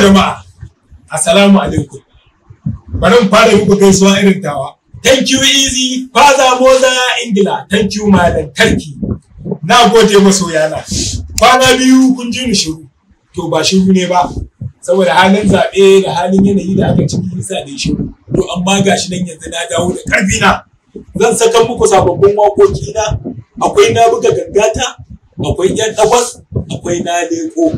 jama'a assalamu alaikum bari mu fara muku gaisuwa irin tawa thank you easy father moza ingila thank you malam tarki na gode masoyana kwana biyu kun ji ni shiru to ba shiru ne ba saboda halin zaɓe da halin yanayi da aka ciki yasa da shiru to amma gashi nan yanzu na dawo da ƙarfi na zan saka muku sababbin waƙoƙi na akwai na buga gangata akwai yan ɗabas akwai na leko.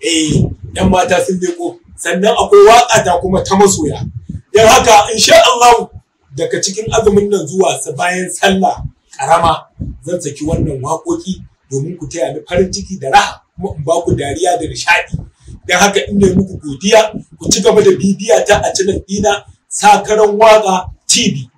eh yan mata sun leko sannan akwai waka ta kuma ta masoya don haka insha Allah daga cikin azumin nan zuwa bayan sallah karama zan saki wannan waƙoƙi domin ku taya ni farin ciki da raha kuma in ba ku dariya da nishaɗi don haka in ne muku godiya ku ci gaba da bibiya ta a channel ɗina sakaran waƙa TV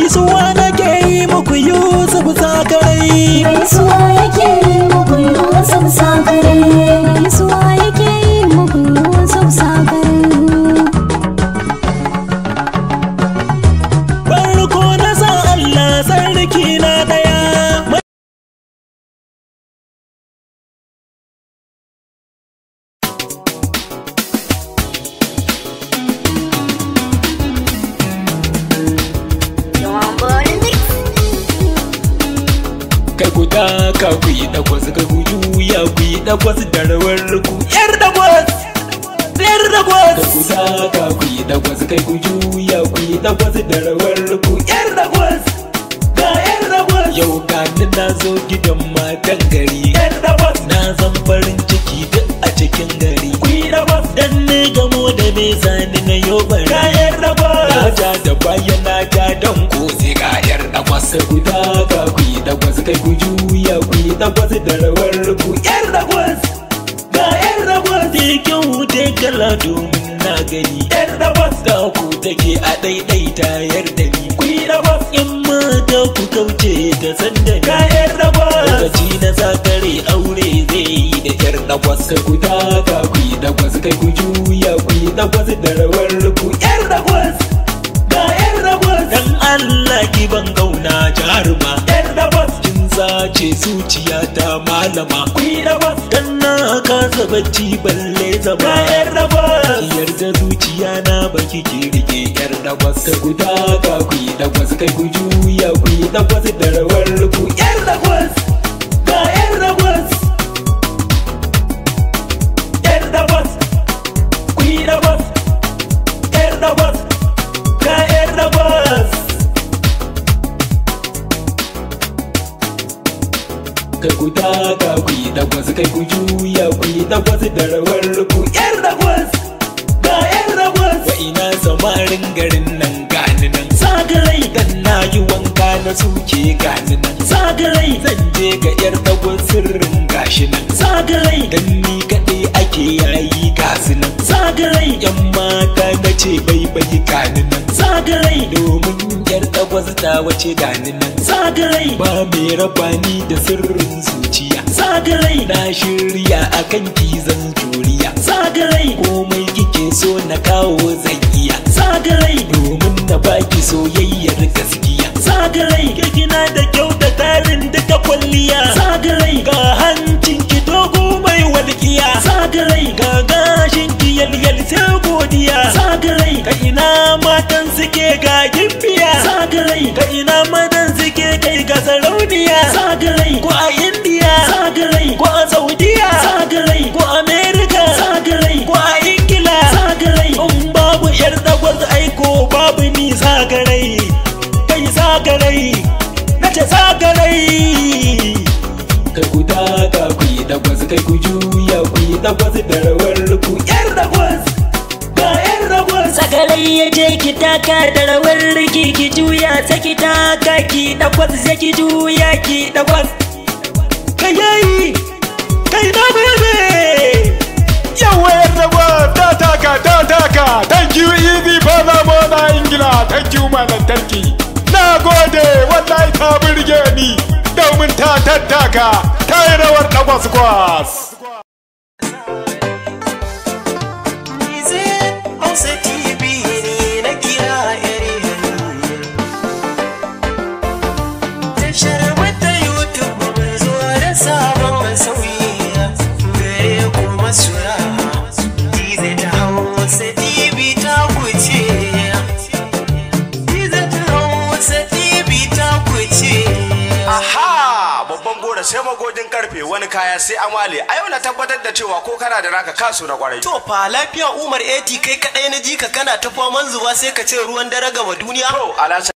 gaisuwa nake yi muku yusuf sakarai gaisuwa yake yi muku yusuf sakarai gaisuwa yake haka ku yi dagwas ka ku juya ku yi dagwas da rawar ku yar dagwas yar dagwas ku ka ku yi dagwas kai ku juya ku yi dagwas da rawar ku yar dagwas ga yar dagwas yau ka na zo gidan matan gari takwas da rawar ku yar takwas ga yar takwas da kyan wuce kala domin na gani yar takwas ga ku take a ɗaiɗai ta yar da ni ku yi takwas in mata ku kauce ta sanda ni ga yar takwas lokaci na sakare aure zai yi da yar takwas ka ku taka ku yi takwas kai ku juya ku yi takwas da rawar ce zuciya ta malama kuyi raba dan na kasa bacci balle zama yar raba da zuciya na baki ki rike yar dagwas ka guda ka kuyi dagwas kai ku juya kuyi dagwas da rawar ku yar dagwas ta ku taka ku yi dagwas kai ku juya ku yi dagwas da rawar ku yar dagwas ga yar dagwas wa ina samarin garin nan gani nan sagarai dan na yi wanka na suke gani nan sagarai zan je ga yar dagwas sirrin gashi nan sagarai dan ni kaɗai ake yayi gasu nan sagarai yan mata na ce bai bai gani nan sagarai domin kwazata wace gani nan zagarai ba mai rabani da sirrin zuciya zagarai na shirya akan kizan juriya zagarai komai kike so na kawo zan iya zagarai domin na baki soyayyar gaskiya zagarai ke gina da kyau da tarin duka kwalliya zagarai ga hancin ki dogo mai walƙiya zagarai ga gashin ki yalyal sai godiya zagarai ka ina matan suke ga gimbi sagarai ka ina madan suke kai ga sarauniya sagarai ko a indiya sagarai ko a saudiya sagarai ko america sagarai ko a ingila sagarai in babu yar dagwas aiko babu ni sagarai kai sagarai na ce sagarai kai ku taka ku yi kai ku juya ku yi dagwas da rawa ya je ki taka da rawar riki ki juya saki taka ki dakwas sai ki juya ki dakwas kai yayi kai na bebe yawa ya rawa ta taka ta taka thank you easy baba mona ingila thank you malam tarki na gode wallahi ta burge ni domin ta tattaka ta yi rawar dakwas kwas sai magogin karfe wani kaya sai amale a yau na tabbatar da cewa ko kana da naka kasu na kwarai to fa lafiya umar eti kai kadai na ji ka kana ta faman zuba sai ka ce ruwan dare gaba duniya to